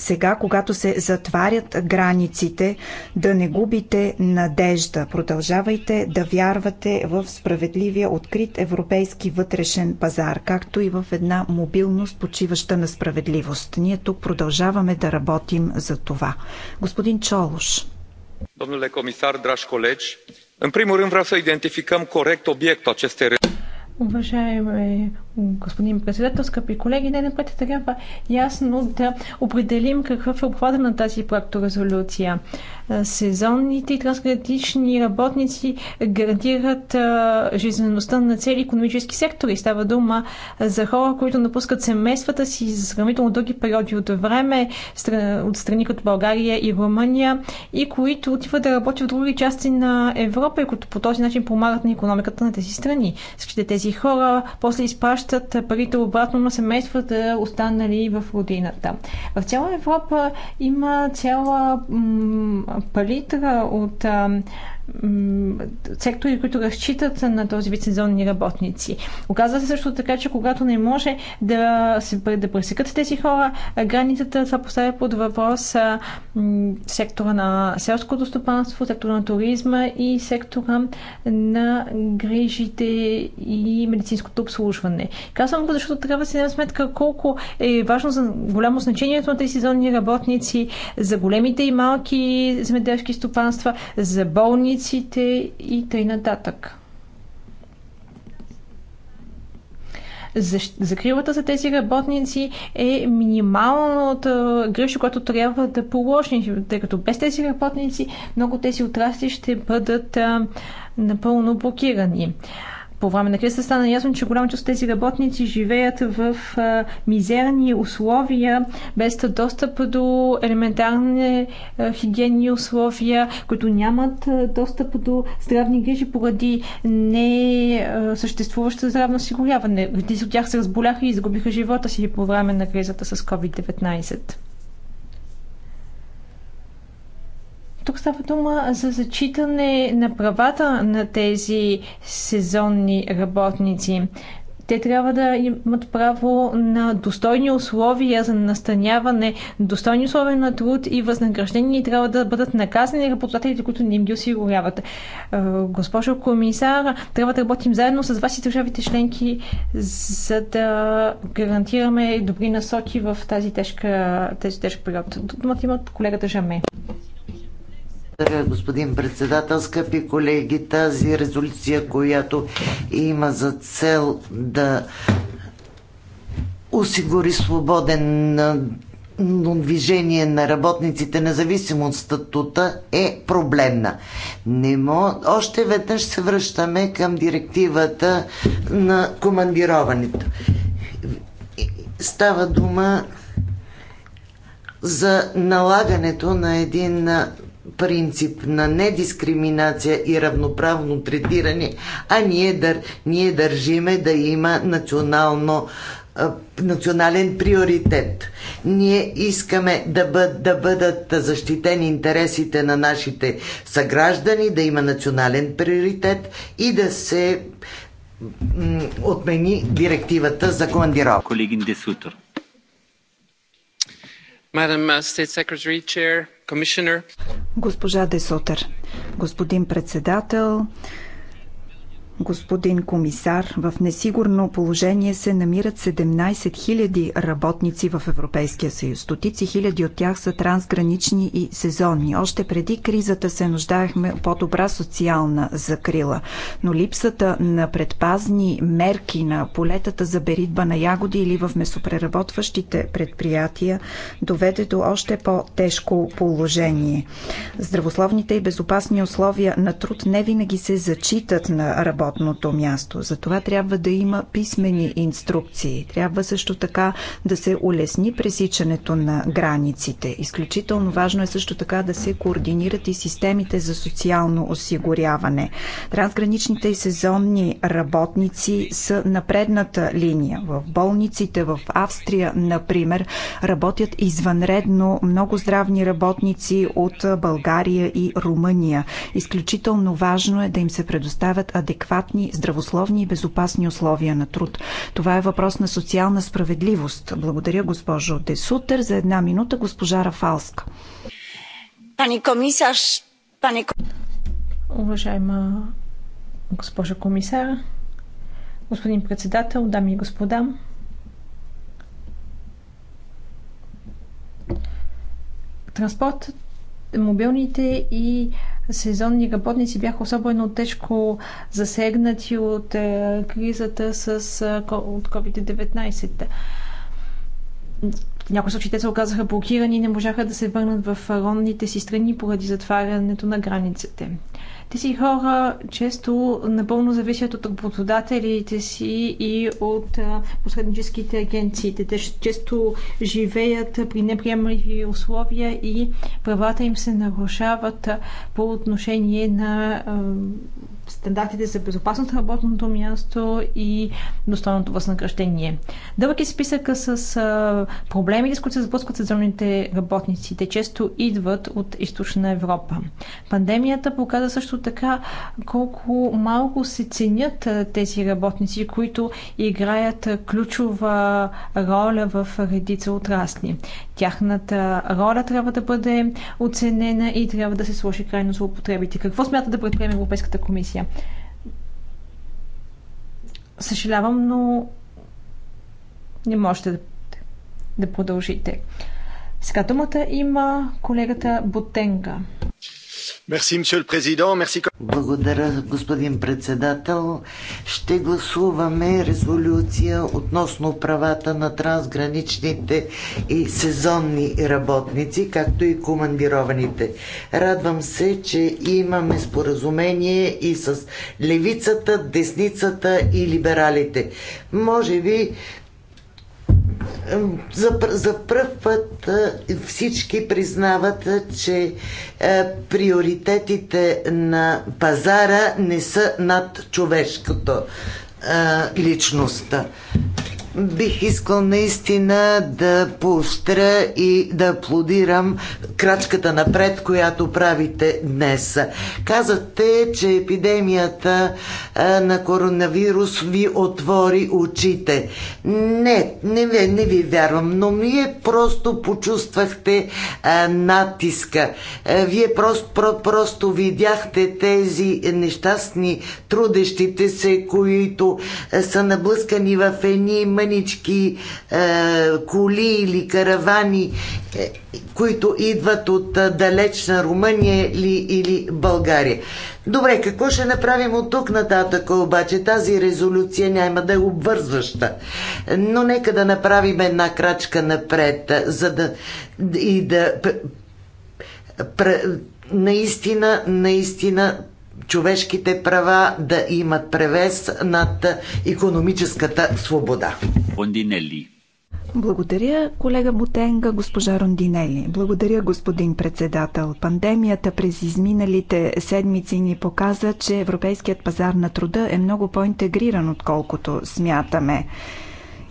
сега, когато се затварят границите, да не губите надежда. Продължавайте да вярвате в справедливия, открит европейски вътрешен пазар, както и в една мобилност, почиваща на справедливост. Ние тук продължаваме да работим за това. Господин Чолош. Domnule комисар dragi colegi, în primul rând vreau să identificăm corect obiectul acestei Уважаеми господин председател, скъпи колеги, най-напред трябва ясно да определим какъв е обхвата на тази проекторезолюция. Сезонните и трансгранични работници гарантират жизнеността на цели економически сектори. Става дума за хора, които напускат семействата си за сравнително дълги периоди от време от страни като България и Румъния и които отиват да работят в други части на Европа и които по този начин помагат на економиката на тези страни. Всички тези тези хора после изпращат парите обратно на семействата, останали в родината. В цяла Европа има цяла палитра от сектори, които разчитат на този вид сезонни работници. Оказва се също така, че когато не може да, се, да пресекат тези хора, границата това поставя под въпрос сектора на селското стопанство, сектора на туризма и сектора на грижите и медицинското обслужване. Казвам го, защото трябва да си дадем сметка колко е важно за голямо значението на тези сезонни работници за големите и малки земеделски стопанства, за болници, митниците и тъй нататък. Закрилата за тези работници е минималната гръща, която трябва да положи, тъй като без тези работници много тези отрасли ще бъдат а, напълно блокирани. А, по време на кризата стана ясно, че голяма част от тези работници живеят в а, мизерни условия, без достъп до елементарни а, хигиенни условия, които нямат а, достъп до здравни грижи поради не а, съществуваща здравно осигуряване. Тези от тях се разболяха и изгубиха живота си по време на кризата с COVID-19. Тук става дума за зачитане на правата на тези сезонни работници. Те трябва да имат право на достойни условия за настаняване, достойни условия на труд и възнаграждение и трябва да бъдат наказани работодателите, които не им ги осигуряват. Е, госпожо комисар, трябва да работим заедно с вас и държавите членки, за да гарантираме добри насоки в тази тежка, тези тежък период. Думата има колегата Жаме. Благодаря, господин председател. Скъпи колеги, тази резолюция, която има за цел да осигури свободен движение на работниците, независимо от статута, е проблемна. Не мо... Още веднъж се връщаме към директивата на командироването. Става дума за налагането на един принцип на недискриминация и равноправно третиране, а ние, дър, ние държиме да има национално национален приоритет. Ние искаме да, бъд, да бъдат защитени интересите на нашите съграждани, да има национален приоритет и да се отмени директивата за командировка. Колегин Десутър. Madam State Secretary Chair, Госпожа Десотер, господин председател, Господин комисар, в несигурно положение се намират 17 000 работници в Европейския съюз. Стотици хиляди от тях са трансгранични и сезонни. Още преди кризата се нуждаехме от по-добра социална закрила. Но липсата на предпазни мерки на полетата за беритба на ягоди или в месопреработващите предприятия доведе до още по-тежко положение. Здравословните и безопасни условия на труд не винаги се зачитат на работниците работното място. За това трябва да има писмени инструкции. Трябва също така да се улесни пресичането на границите. Изключително важно е също така да се координират и системите за социално осигуряване. Трансграничните и сезонни работници са на предната линия. В болниците в Австрия, например, работят извънредно много здравни работници от България и Румъния. Изключително важно е да им се предоставят адекватни адекватни, здравословни и безопасни условия на труд. Това е въпрос на социална справедливост. Благодаря госпожо Десутер. За една минута госпожа Рафалска. Пани комисар, пани... Уважаема госпожа комисар, господин председател, дами и господа, транспортът, мобилните и сезонни работници бяха особено тежко засегнати от е, кризата с е, COVID-19. В някои случаи те се оказаха блокирани и не можаха да се върнат в родните си страни поради затварянето на границите. Тези хора често напълно зависят от работодателите си и от посредническите агенции. Те често живеят при неприемливи условия и правата им се нарушават по отношение на стандартите за безопасност на работното място и достойното възнаграждение. Дълъг е списъка с а, проблемите, с които се сблъскват сезонните работници. Те често идват от източна Европа. Пандемията показа също така колко малко се ценят тези работници, които играят ключова роля в редица отрасли. Тяхната роля трябва да бъде оценена и трябва да се сложи крайно злоупотребите. Какво смята да предприеме Европейската комисия? Съжалявам, но не можете да, да продължите. Сега думата има колегата Ботенга. Благодаря, господин председател. Ще гласуваме резолюция относно правата на трансграничните и сезонни работници, както и командированите. Радвам се, че имаме споразумение и с левицата, десницата и либералите. Може би за, за първ път всички признават, че приоритетите на пазара не са над човешкото личността. Бих искал наистина да поостря и да аплодирам крачката напред, която правите днес. Казахте, че епидемията на коронавирус ви отвори очите. Не, не ви, не ви вярвам, но вие просто почувствахте натиска. Вие просто, просто видяхте тези нещастни трудещите се, които са наблъскани в едни променички е, коли или каравани, е, които идват от е, далечна Румъния или, или България. Добре, какво ще направим от тук нататък обаче? Тази резолюция няма да е обвързваща. Но нека да направим една крачка напред, за да и да наистина, наистина човешките права да имат превес над економическата свобода. Рондинели. Благодаря, колега Бутенга, госпожа Рондинели. Благодаря, господин председател. Пандемията през изминалите седмици ни показа, че европейският пазар на труда е много по-интегриран, отколкото смятаме.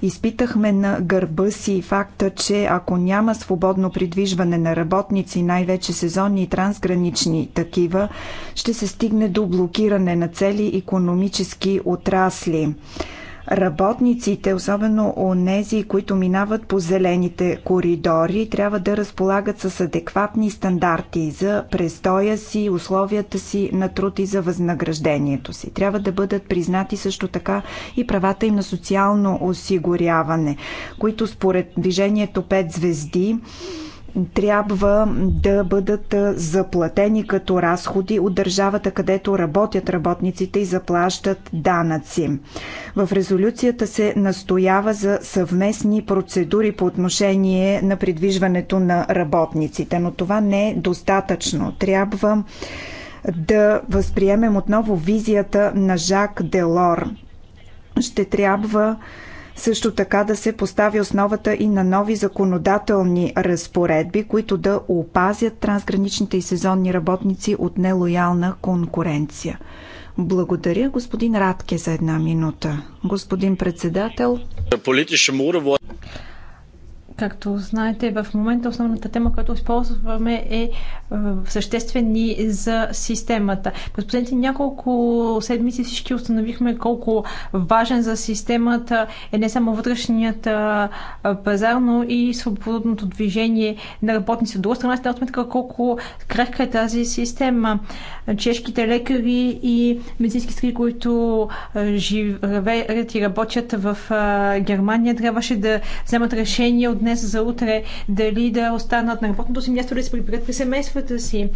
Изпитахме на гърба си факта, че ако няма свободно придвижване на работници, най-вече сезонни и трансгранични такива, ще се стигне до блокиране на цели економически отрасли. Работниците, особено онези, които минават по зелените коридори, трябва да разполагат с адекватни стандарти за престоя си, условията си на труд и за възнаграждението си. Трябва да бъдат признати също така и правата им на социално осигуряване, които според движението 5 звезди трябва да бъдат заплатени като разходи от държавата, където работят работниците и заплащат данъци. В резолюцията се настоява за съвместни процедури по отношение на придвижването на работниците, но това не е достатъчно. Трябва да възприемем отново визията на Жак Делор. Ще трябва също така да се постави основата и на нови законодателни разпоредби, които да опазят трансграничните и сезонни работници от нелоялна конкуренция. Благодаря, господин Радке, за една минута. Господин председател. Както знаете, в момента основната тема, която използваме е, е съществени за системата. През последните няколко седмици всички установихме колко важен за системата е не само вътрешният пазар, но и свободното движение на работници. От друга страна, става сметка колко крехка е тази система. Чешките лекари и медицински сестри, които живеят и работят в Германия, трябваше да вземат решение от днес за утре, дали да останат на работното си място, да се приберат при семействата си.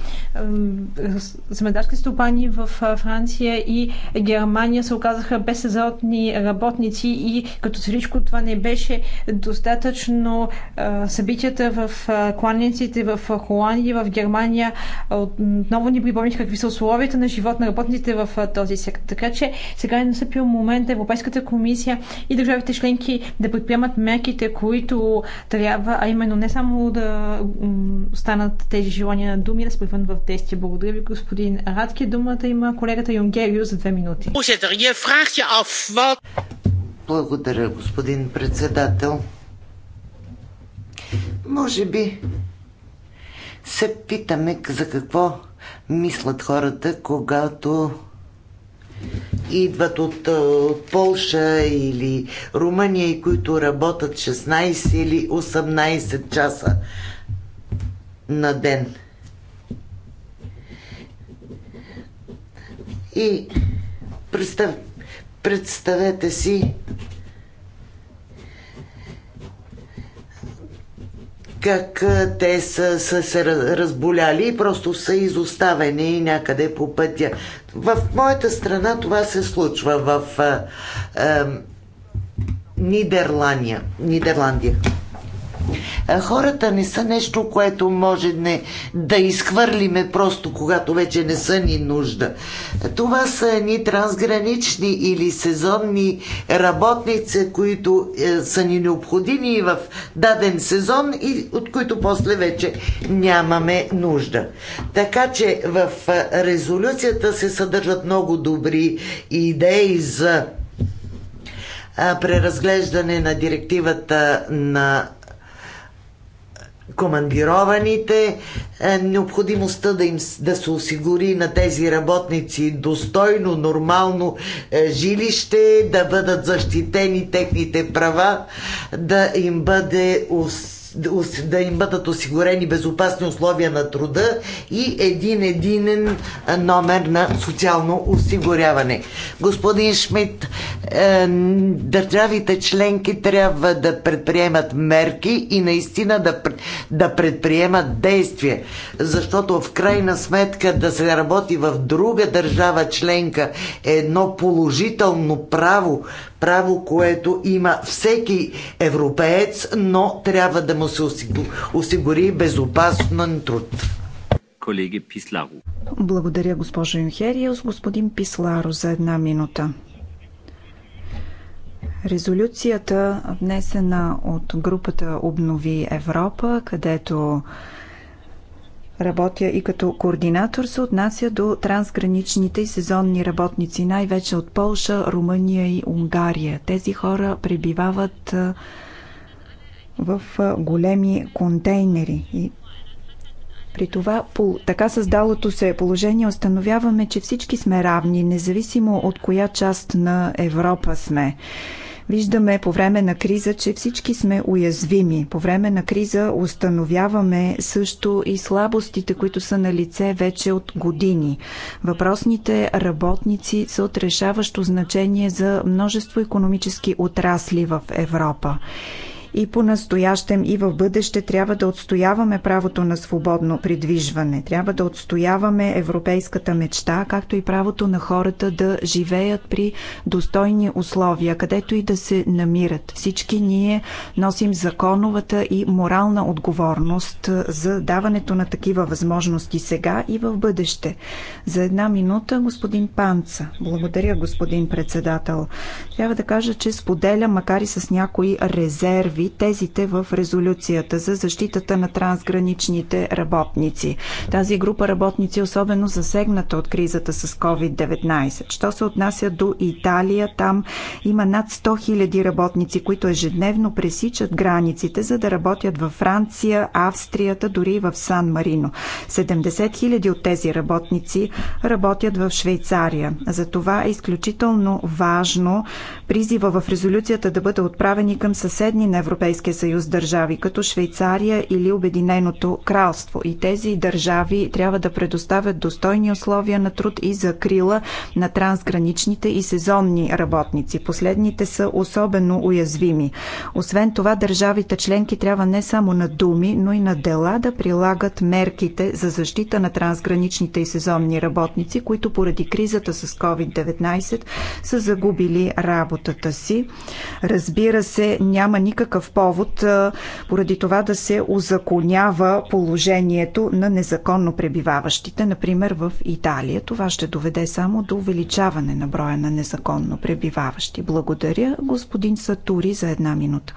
Замедарски стопани в Франция и Германия се оказаха без работници и като всичко това не беше достатъчно събитията в кланиците в Холандия, в Германия отново ни припомних какви са условията на живот на работниците в този сектор. Така че сега е настъпил момент Европейската комисия и държавите членки да предприемат мерките, които трябва, а именно не само да станат тези желания на думи, да се превърнат в действия. Благодаря ви, господин Радки. Думата има колегата Юнгерио за две минути. Благодаря, господин председател. Може би се питаме за какво мислят хората, когато идват от, е, от Полша или Румъния и които работят 16 или 18 часа на ден. И представ, представете си как е, те са, са се разболяли и просто са изоставени някъде по пътя. В моята страна това се случва в Нидерландия. Нидерландия. Хората не са нещо, което може не да изхвърлиме просто когато вече не са ни нужда. Това са ни трансгранични или сезонни работници, които е, са ни необходими в даден сезон и от които после вече нямаме нужда. Така че в е, резолюцията се съдържат много добри идеи за преразглеждане на директивата на командированите, е, необходимостта да, им, да се осигури на тези работници достойно, нормално е, жилище, да бъдат защитени техните права, да им бъде ос да им бъдат осигурени безопасни условия на труда и един единен номер на социално осигуряване. Господин Шмидт, е, държавите членки трябва да предприемат мерки и наистина да, да предприемат действия, защото в крайна сметка да се работи в друга държава членка е едно положително право, право, което има всеки европеец, но трябва да му се осигури безопасен труд. Колеги Писларо. Благодаря, госпожо Юнхериус. Господин Писларо за една минута. Резолюцията, внесена от групата Обнови Европа, където работя и като координатор, се отнася до трансграничните и сезонни работници, най-вече от Полша, Румъния и Унгария. Тези хора пребивават в големи контейнери и при това, по така създалото се положение, установяваме, че всички сме равни, независимо от коя част на Европа сме. Виждаме по време на криза, че всички сме уязвими. По време на криза установяваме също и слабостите, които са на лице вече от години. Въпросните работници са от решаващо значение за множество економически отрасли в Европа и по-настоящем и в бъдеще трябва да отстояваме правото на свободно придвижване. Трябва да отстояваме европейската мечта, както и правото на хората да живеят при достойни условия, където и да се намират. Всички ние носим законовата и морална отговорност за даването на такива възможности сега и в бъдеще. За една минута господин Панца. Благодаря, господин председател. Трябва да кажа, че споделя, макар и с някои резерви, поднови тезите в резолюцията за защитата на трансграничните работници. Тази група работници е особено засегната от кризата с COVID-19. Що се отнася до Италия, там има над 100 000 работници, които ежедневно пресичат границите, за да работят във Франция, Австрията, дори и в Сан Марино. 70 000 от тези работници работят в Швейцария. Затова е изключително важно призива в резолюцията да бъде отправени към съседни на Европейския Европейския съюз държави, като Швейцария или Обединеното кралство. И тези държави трябва да предоставят достойни условия на труд и закрила на трансграничните и сезонни работници. Последните са особено уязвими. Освен това, държавите членки трябва не само на думи, но и на дела да прилагат мерките за защита на трансграничните и сезонни работници, които поради кризата с COVID-19 са загубили работата си. Разбира се, няма никакъв повод поради това да се озаконява положението на незаконно пребиваващите, например в Италия. Това ще доведе само до увеличаване на броя на незаконно пребиваващи. Благодаря, господин Сатури, за една минута.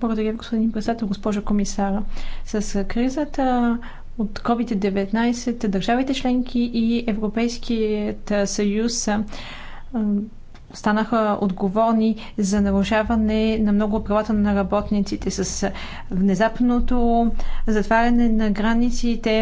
Благодаря, господин председател, госпожо комисара. С кризата от COVID-19 държавите членки и Европейският съюз станаха отговорни за нарушаване на много правата на работниците с внезапното затваряне на границите,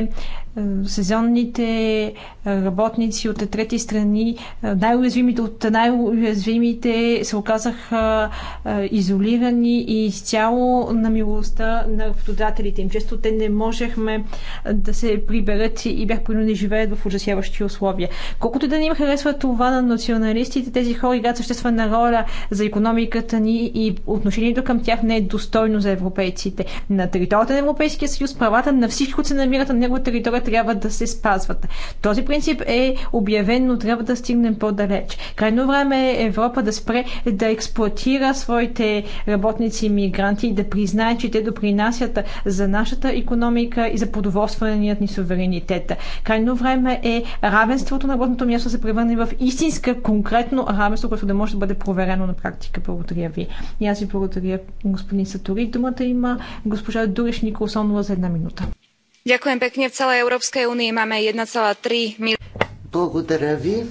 е, сезонните работници от трети страни, е, най-уязвимите от най-уязвимите се оказаха е, изолирани и изцяло на милостта на работодателите им. Често те не можехме да се приберат и бях принуден да живеят в ужасяващи условия. Колкото да не им харесва това на националистите, тези хора играят съществена роля за економиката ни и отношението към тях не е достойно за европейците. На територията на Европейския съюз правата на всички, които се намират на негова територия, трябва да се спазват. Този принцип е обявен, но трябва да стигнем по-далеч. Крайно време е Европа да спре да експлуатира своите работници и мигранти и да признае, че те допринасят за нашата економика и за продоволственият ни суверенитет. Крайно време е равенството на работното място се превърне в истинска, конкретно равенство законодателство, което да може да бъде проверено на практика. Благодаря ви. И аз ви благодаря, господин Сатори. Думата има госпожа Дуриш Николсонова за една минута. Дякуем пекне. В цяла Европска уния имаме 1,3 милиона. Благодаря ви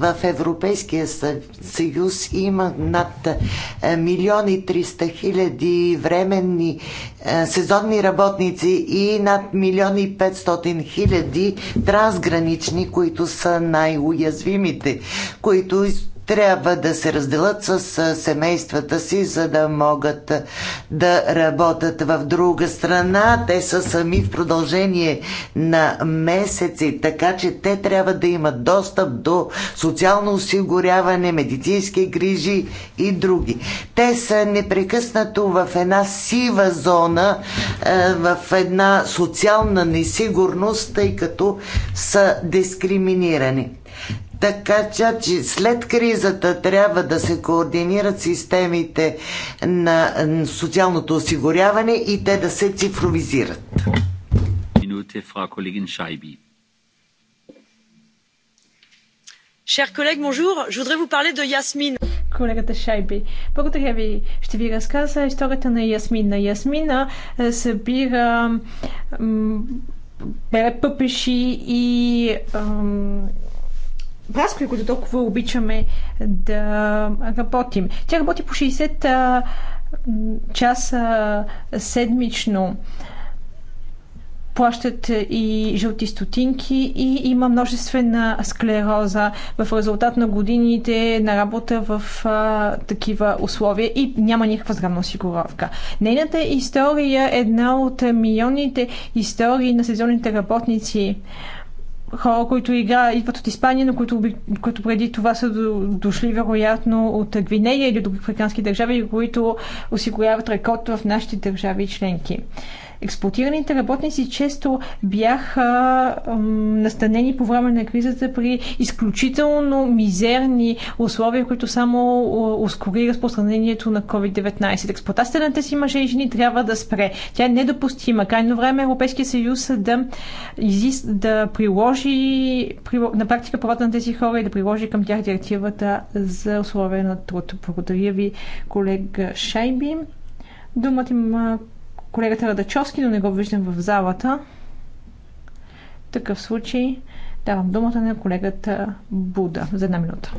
в Европейския съюз има над е, милион и 300 хиляди временни е, сезонни работници и над милион и 500 хиляди трансгранични, които са най-уязвимите, които трябва да се разделят с семействата си, за да могат да работят в друга страна. Те са сами в продължение на месеци, така че те трябва да имат достъп до социално осигуряване, медицински грижи и други. Те са непрекъснато в една сива зона, в една социална несигурност, тъй като са дискриминирани. Така че, че след кризата трябва да се координират системите на социалното осигуряване и те да се цифровизират. Минуте, фра колегин Шайби. Je voudrais vous parler de Колегата Шайби. Благодаря ви. Ще ви разказа историята на Ясмина. Ясмина е, събира бере пъпеши и ам, разходи, които толкова обичаме да работим. Тя работи по 60 часа седмично плащат и жълти стотинки и има множествена склероза в резултат на годините на работа в а, такива условия и няма никаква здравна осигуровка. Нейната история е една от милионните истории на сезонните работници хора, които игра, идват от Испания, но които, които преди това са дошли вероятно от Гвинея или от африкански държави, които осигуряват рекорд в нашите държави и членки. Експлуатираните работници често бяха настанени по време на кризата при изключително мизерни условия, които само ускори разпространението на COVID-19. Експлуатацията на тези мъже и жени трябва да спре. Тя е недопустима. Крайно време Европейския съюз да, изис... да приложи на практика правата на тези хора и да приложи към тях директивата за условия на труд. Благодаря ви, колега Шайби. Думата има колегата Радачовски, но не го виждам в залата. В такъв случай давам думата на колегата Буда за една минута.